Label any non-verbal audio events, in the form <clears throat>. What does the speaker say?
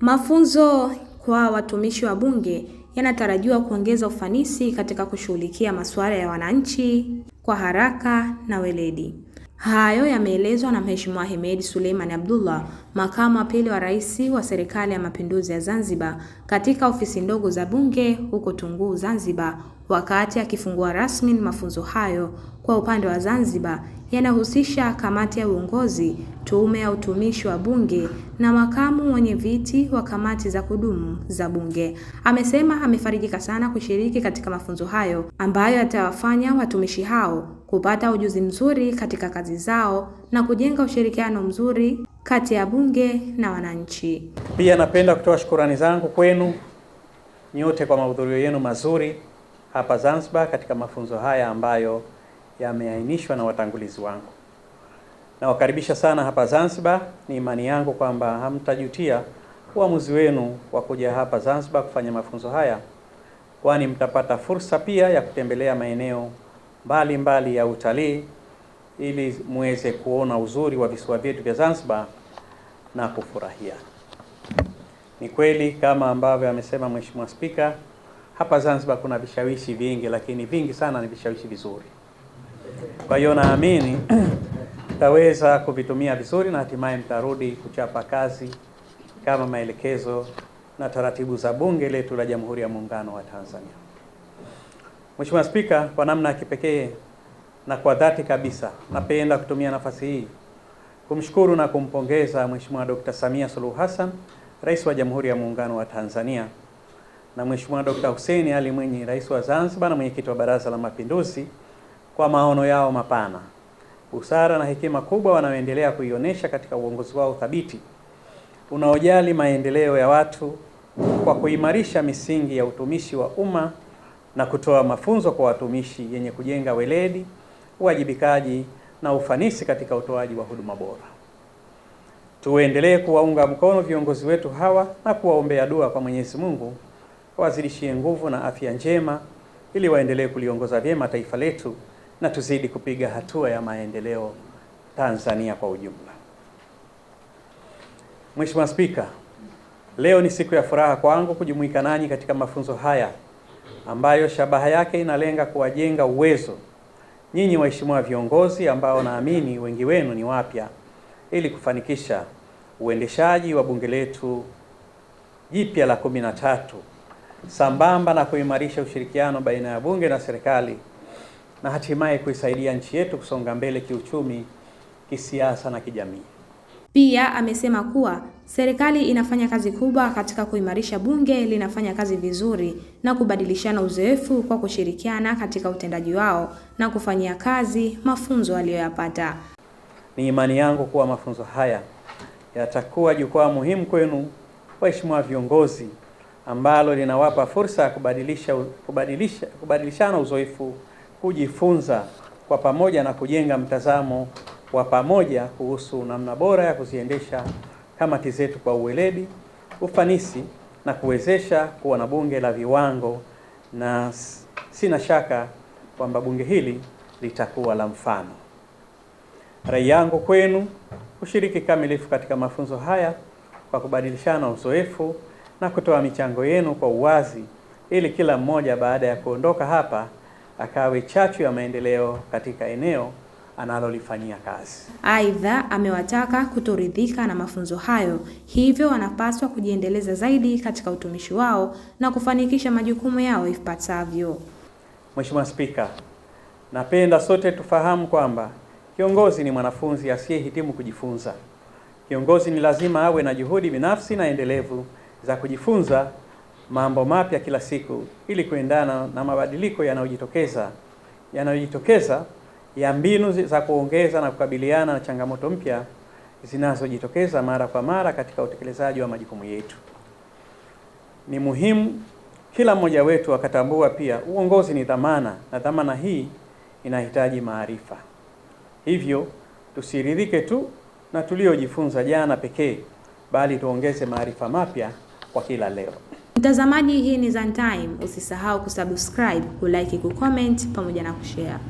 Mafunzo kwa watumishi wa Bunge yanatarajiwa kuongeza ufanisi katika kushughulikia masuala ya wananchi kwa haraka na weledi. Hayo yameelezwa na Mheshimiwa Hemed Suleiman Abdullah, makamu wa pili wa rais wa Serikali ya Mapinduzi ya Zanzibar, katika ofisi ndogo za Bunge huko Tunguu, Zanzibar, wakati akifungua rasmi mafunzo hayo. Kwa upande wa Zanzibar, yanahusisha kamati ya uongozi, tume ya utumishi wa Bunge na makamu wenye viti wa kamati za kudumu za Bunge. Amesema amefarijika sana kushiriki katika mafunzo hayo ambayo yatawafanya watumishi hao kupata ujuzi mzuri katika kazi zao na kujenga ushirikiano mzuri kati ya Bunge na wananchi. Pia napenda kutoa shukurani zangu kwenu nyote kwa mahudhurio yenu mazuri hapa Zanzibar katika mafunzo haya ambayo yameainishwa na watangulizi wangu. Nawakaribisha sana hapa Zanzibar. Ni imani yangu kwamba hamtajutia uamuzi wenu wa kuja hapa Zanzibar kufanya mafunzo haya, kwani mtapata fursa pia ya kutembelea maeneo mbalimbali mbali ya utalii ili muweze kuona uzuri wa visiwa vyetu vya Zanzibar na kufurahia. Ni kweli kama ambavyo amesema Mheshimiwa Spika, hapa Zanzibar kuna vishawishi vingi, lakini vingi sana ni vishawishi vizuri. Kwa hiyo naamini mtaweza <clears throat> kuvitumia vizuri na hatimaye mtarudi kuchapa kazi kama maelekezo na taratibu za bunge letu la Jamhuri ya Muungano wa Tanzania. Mheshimiwa Spika, kwa namna ya kipekee na kwa dhati kabisa napenda kutumia nafasi hii kumshukuru na kumpongeza Mheshimiwa Dr. Samia Suluhu Hassan, Rais wa Jamhuri ya Muungano wa Tanzania na Mheshimiwa Dr. Hussein Ali Mwinyi, Rais wa Zanzibar na Mwenyekiti wa Baraza la Mapinduzi kwa maono yao mapana, busara na hekima kubwa wanaoendelea kuionyesha katika uongozi wao thabiti unaojali maendeleo ya watu kwa kuimarisha misingi ya utumishi wa umma na kutoa mafunzo kwa watumishi yenye kujenga weledi, uwajibikaji na ufanisi katika utoaji wa huduma bora. Tuendelee kuwaunga mkono viongozi wetu hawa na kuwaombea dua kwa Mwenyezi Mungu awazidishie nguvu na afya njema ili waendelee kuliongoza vyema taifa letu na tuzidi kupiga hatua ya maendeleo Tanzania kwa ujumla. Mheshimiwa Spika, leo ni siku ya furaha kwangu kujumuika nanyi katika mafunzo haya ambayo shabaha yake inalenga kuwajenga uwezo nyinyi waheshimiwa viongozi ambao naamini wengi wenu ni wapya ili kufanikisha uendeshaji wa bunge letu jipya la kumi na tatu sambamba na kuimarisha ushirikiano baina ya bunge na serikali na hatimaye kuisaidia nchi yetu kusonga mbele kiuchumi, kisiasa na kijamii. Pia amesema kuwa serikali inafanya kazi kubwa katika kuimarisha bunge linafanya kazi vizuri na kubadilishana uzoefu kwa kushirikiana katika utendaji wao na kufanyia kazi mafunzo aliyoyapata. Ni imani yangu kuwa mafunzo haya yatakuwa jukwaa muhimu kwenu, waheshimiwa viongozi, ambalo linawapa fursa ya kubadilisha kubadilisha kubadilishana uzoefu kujifunza kwa pamoja na kujenga mtazamo wa pamoja kuhusu namna bora ya kuziendesha kamati zetu kwa uweledi, ufanisi na kuwezesha kuwa na bunge la viwango, na sina shaka kwamba bunge hili litakuwa la mfano. Rai yangu kwenu kushiriki kamilifu katika mafunzo haya kwa kubadilishana uzoefu na kutoa michango yenu kwa uwazi, ili kila mmoja baada ya kuondoka hapa akawe chachu ya maendeleo katika eneo analolifanyia kazi. Aidha, amewataka kutoridhika na mafunzo hayo, hivyo wanapaswa kujiendeleza zaidi katika utumishi wao na kufanikisha majukumu yao ipasavyo. Mheshimiwa Spika, napenda sote tufahamu kwamba kiongozi ni mwanafunzi asiyehitimu kujifunza. Kiongozi ni lazima awe na juhudi binafsi na endelevu za kujifunza mambo mapya kila siku ili kuendana na mabadiliko yanayojitokeza yanayojitokeza ya mbinu za kuongeza na kukabiliana na changamoto mpya zinazojitokeza mara kwa mara katika utekelezaji wa majukumu yetu. Ni muhimu kila mmoja wetu akatambua pia uongozi ni dhamana, na dhamana hii inahitaji maarifa. Hivyo tusiridhike tu na tuliojifunza jana pekee, bali tuongeze maarifa mapya kwa kila leo. Mtazamaji, hii ni Zantime, usisahau kusubscribe, kulike, kucomment pamoja na kushare.